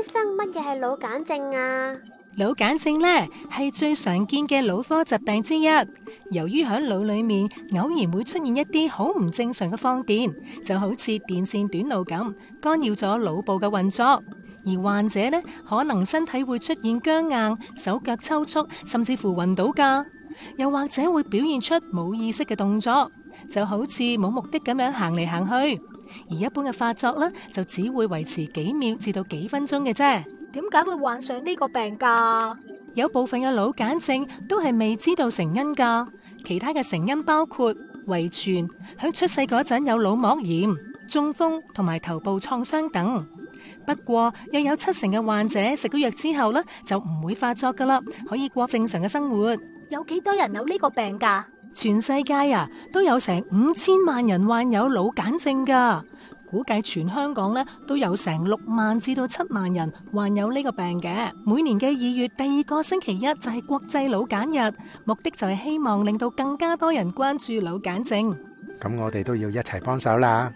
醫生，乜嘢係腦癇症啊？腦癇症咧係最常見嘅腦科疾病之一，由於響腦裏面偶然會出現一啲好唔正常嘅放電，就好似電線短路咁，干擾咗腦部嘅運作。而患者呢，可能身體會出現僵硬、手腳抽搐，甚至乎暈倒噶，又或者會表現出冇意識嘅動作，就好似冇目的咁樣行嚟行去。而一般嘅發作咧，就只會維持幾秒至到幾分鐘嘅啫。點解會患上呢個病噶？有部分嘅腦癇症都係未知道成因噶，其他嘅成因包括遺傳、響出世嗰陣有腦膜炎、中風同埋頭部創傷等。不過，又有七成嘅患者食咗藥之後咧，就唔會發作噶啦，可以過正常嘅生活。有幾多人有呢個病噶？全世界呀，都有成五千萬人患有腦癇症噶，估計全香港呢，都有成六萬至到七萬人患有呢個病嘅。每年嘅二月第二個星期一就係國際腦癇日，目的就係希望令到更加多人關注腦癇症。咁我哋都要一齊幫手啦。